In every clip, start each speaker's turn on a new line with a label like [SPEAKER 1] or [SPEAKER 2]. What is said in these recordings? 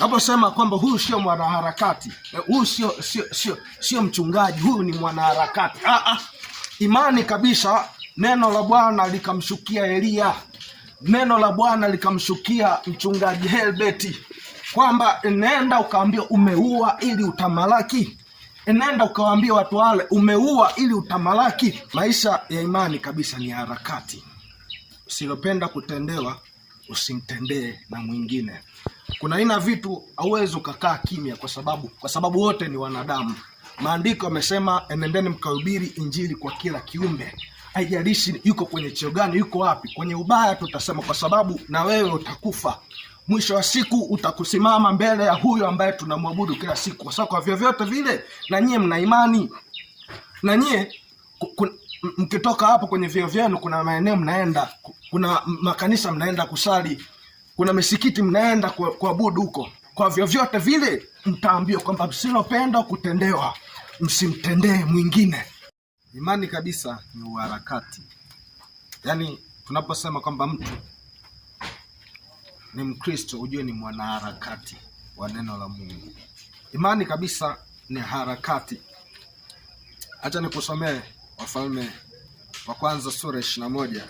[SPEAKER 1] Naposema kwamba huyu sio mwanaharakati, e, huyu sio sio sio sio mchungaji, huyu ni mwanaharakati. Ah, ah. Imani kabisa. Neno la Bwana likamshukia Elia, neno la Bwana likamshukia mchungaji Helbeti kwamba nenda ukaambia umeua ili utamalaki, nenda ukawaambia watu wale umeua ili utamalaki. Maisha ya imani kabisa ni harakati. Usilopenda kutendewa usimtendee na mwingine. Kuna aina vitu hauwezi ukakaa kimya, kwa sababu kwa sababu wote ni wanadamu. Maandiko yamesema enendeni mkahubiri injili kwa kila kiumbe, haijalishi yuko kwenye cheo gani, yuko wapi. Kwenye ubaya tutasema, kwa sababu na wewe utakufa mwisho wa siku utakusimama mbele ya huyo ambaye tunamwabudu kila siku, kwa sababu kwa vyovyote vile na nyie mna imani, na nyie mkitoka hapo kwenye vyeo vyenu, kuna maeneo mnaenda, kuna makanisa mnaenda kusali kuna misikiti mnaenda kuabudu huko, kwa vyovyote vile mtaambiwa kwamba msilopenda kutendewa msimtendee mwingine. Imani kabisa ni uharakati, yaani tunaposema kwamba mtu ni Mkristo, hujue ni mwanaharakati wa neno la Mungu. Imani kabisa ni harakati. hacha nikusomee Wafalme wa Kwanza sura ishirina moja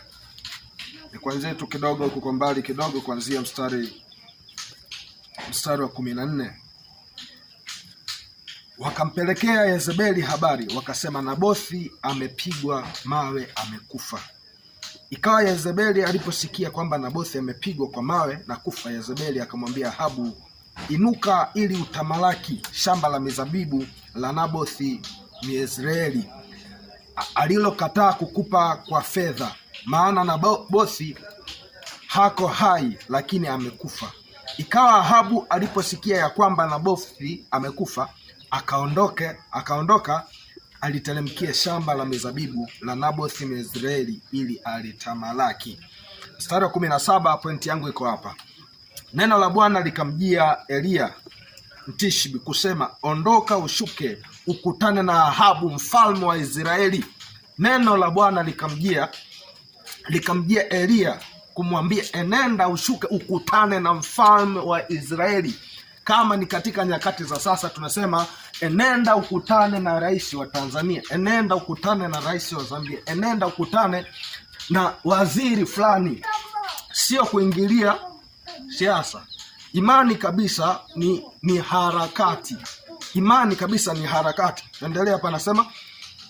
[SPEAKER 1] ni tu kidogo huko kwa mbali kidogo, kuanzia mstari mstari wa kumi na nne wakampelekea Yezebeli habari wakasema, Nabothi amepigwa mawe, amekufa. Ikawa Yezebeli aliposikia kwamba Nabothi amepigwa kwa mawe na kufa, Yezebeli akamwambia Ahabu, inuka ili utamalaki shamba la mizabibu la Nabothi Myezreeli alilokataa kukupa kwa fedha maana na bosi hako hai lakini amekufa. Ikawa Ahabu aliposikia ya kwamba Nabothi amekufa, akaondoke akaondoka aliteremkia shamba la mizabibu la Nabothi Mezreeli ili alitamalaki. Mstari wa kumi na saba. Pointi yangu iko hapa. Neno la Bwana likamjia Eliya Mtishbi kusema, ondoka ushuke ukutane na Ahabu mfalme wa Israeli. Neno la Bwana likamjia likamjia Eliya kumwambia, enenda ushuke ukutane na mfalme wa Israeli. Kama ni katika nyakati za sasa, tunasema enenda ukutane na rais wa Tanzania, enenda ukutane na rais wa Zambia, enenda ukutane na waziri fulani. Sio kuingilia siasa. Imani kabisa ni, ni harakati. Imani kabisa ni harakati. Endelea hapa, anasema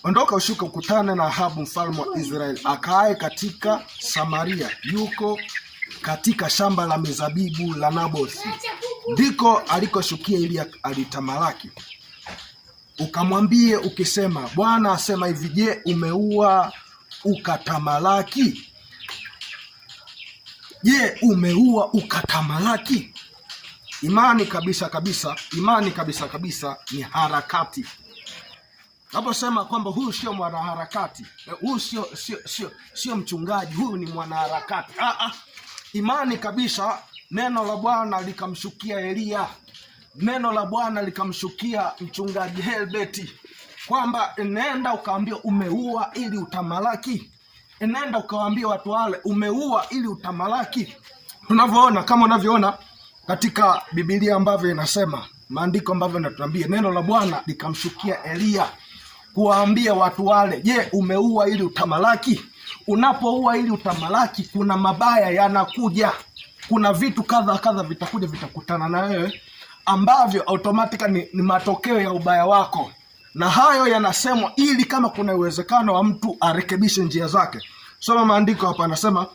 [SPEAKER 1] Ondoka ushuka ukutane na Ahabu mfalme wa Israeli akaaye katika Samaria, yuko katika shamba la mizabibu la Nabothi, ndiko alikoshukia ili alitamalaki. Ukamwambie ukisema, Bwana asema hivi, je, umeua ukatamalaki? Je, umeua ukatamalaki? Imani kabisa kabisa, imani kabisa kabisa ni harakati Naposema kwamba huyu sio mwanaharakati, eh, huyu sio sio sio sio mchungaji, huyu ni mwanaharakati. Ah, ah. Imani kabisa. Neno la Bwana likamshukia Elia, neno la Bwana likamshukia mchungaji Helbeti kwamba nenda ukaambia umeua ili utamalaki, nenda ukawaambia watu wale umeua ili utamalaki. Tunavyoona kama unavyoona katika Biblia ambavyo inasema maandiko ambavyo natuambia, neno la Bwana likamshukia Elia kuwaambia watu wale, je, umeua ili utamalaki? Unapoua ili utamalaki, kuna mabaya yanakuja, kuna vitu kadha kadha vitakuja, vitakutana na wewe ambavyo ni, ni matokeo ya ubaya wako, na hayo yanasemwa ili kama kuna uwezekano wa mtu arekebishe njia zake. Soma maandiko hapa, anasema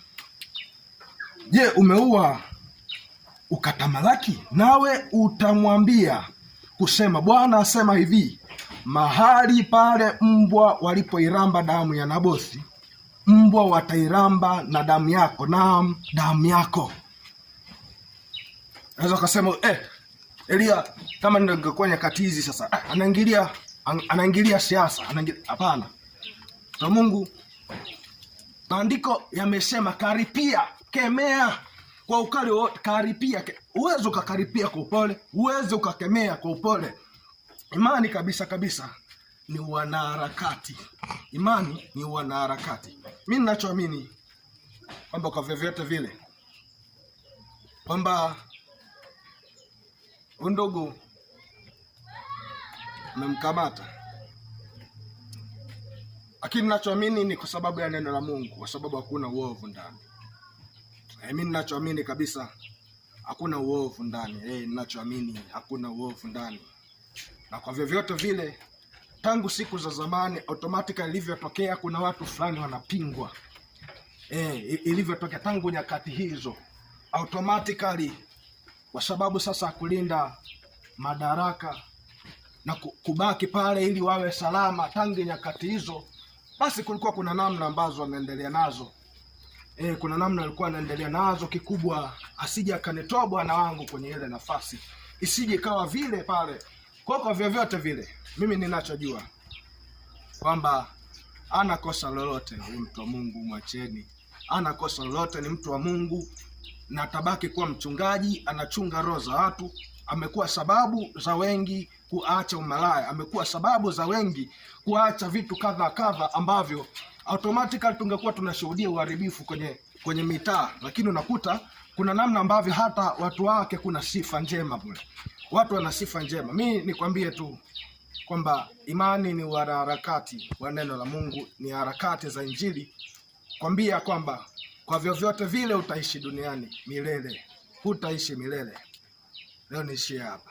[SPEAKER 1] je, umeua ukatamalaki? Nawe utamwambia kusema, Bwana asema hivi, Mahali pale mbwa walipoiramba damu ya nabosi mbwa watairamba na damu yako, naam damu yako. Naweza ukasema eh, Elia kama ningekuwa nyakati hizi sasa, eh, anaingilia anaingilia siasa anaingilia. Hapana, kwa Mungu maandiko yamesema karipia, kemea kwa ukali wote, karipia. Uwezo ukakaripia kwa upole, uwezo ukakemea kwa upole. Imani kabisa kabisa ni wanaharakati. Imani ni wanaharakati. Mimi ninachoamini kwamba kwa vyovyote vile kwamba undugu amemkamata, lakini ninachoamini ni kwa sababu ya neno la Mungu, kwa sababu hakuna uovu ndani. Eh, mimi ninachoamini kabisa hakuna uovu ndani. Eh, ninachoamini hakuna uovu ndani na kwa vyovyote vile tangu siku za zamani automatika ilivyotokea, kuna watu fulani wanapingwa e, ilivyotokea tangu nyakati hizo automatically, kwa sababu sasa kulinda madaraka na kubaki pale ili wawe salama tangu nyakati hizo, basi kulikuwa kuna namna ambazo wanaendelea nazo e, kuna namna alikuwa anaendelea nazo. Kikubwa asije akanitoa bwana wangu kwenye ile nafasi, isije ikawa vile pale kwa kwa vyovyote vile, mimi ninachojua kwamba ana kosa lolote huyu mtu wa Mungu, mwacheni. Ana kosa lolote, ni mtu wa Mungu na atabaki kuwa mchungaji, anachunga roho za watu. Amekuwa sababu za wengi kuacha umalaya, amekuwa sababu za wengi kuacha vitu kadha kadha ambavyo automatically tungekuwa tunashuhudia uharibifu kwenye kwenye mitaa, lakini unakuta kuna namna ambavyo hata watu wake kuna sifa njema bure, watu wana sifa njema. Mi nikwambie tu kwamba imani ni uharakati wa neno la Mungu, ni harakati za Injili kwambia kwamba kwa vyovyote vile utaishi duniani milele, hutaishi milele. Leo niishie hapa.